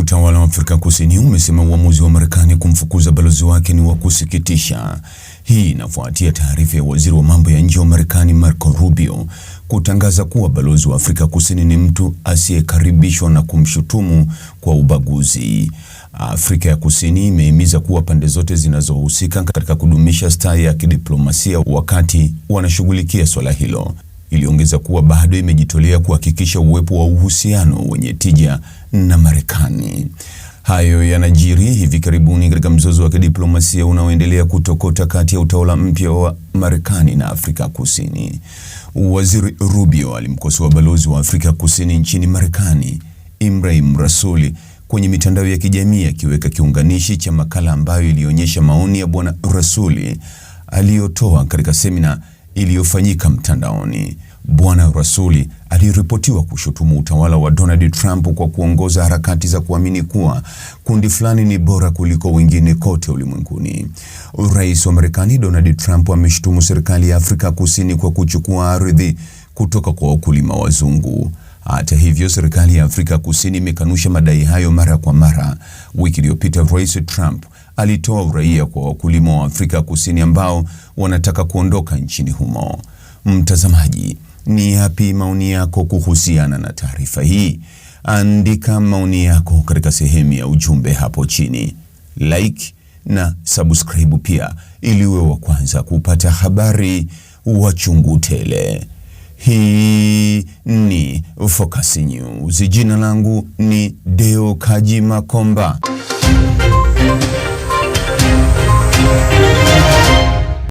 Utawala wa Afrika Kusini umesema uamuzi wa Marekani kumfukuza balozi wake ni wa kusikitisha. Hii inafuatia taarifa ya waziri wa mambo ya nje wa Marekani Marco Rubio kutangaza kuwa balozi wa Afrika Kusini ni mtu asiyekaribishwa na kumshutumu kwa ubaguzi. Afrika ya Kusini imehimiza kuwa pande zote zinazohusika katika kudumisha staa ya kidiplomasia wakati wanashughulikia swala hilo iliongeza kuwa bado imejitolea kuhakikisha uwepo wa uhusiano wenye tija na Marekani. Hayo yanajiri hivi karibuni katika mzozo wa kidiplomasia unaoendelea kutokota kati ya utawala mpya wa Marekani na Afrika Kusini. Waziri Rubio alimkosoa balozi wa Afrika Kusini nchini Marekani, Ibrahim rasuli kwenye mitandao ya kijamii akiweka kiunganishi cha makala ambayo ilionyesha maoni ya Bwana rasuli aliyotoa katika semina iliyofanyika mtandaoni. Bwana Rasuli aliyeripotiwa kushutumu utawala wa Donald Trump kwa kuongoza harakati za kuamini kuwa kundi fulani ni bora kuliko wengine kote ulimwenguni. Rais wa Marekani Donald Trump ameshutumu serikali ya Afrika Kusini kwa kuchukua ardhi kutoka kwa wakulima wazungu. Hata hivyo, serikali ya Afrika Kusini imekanusha madai hayo mara kwa mara. Wiki iliyopita, Rais Trump alitoa uraia kwa wakulima wa Afrika Kusini ambao wanataka kuondoka nchini humo. Mtazamaji, ni yapi maoni yako kuhusiana na taarifa hii? Andika maoni yako katika sehemu ya ujumbe hapo chini, like na subscribe pia, ili uwe wa kwanza kupata habari wa chungu tele. Hii ni Focus News. Jina langu ni Deo Kaji Makomba.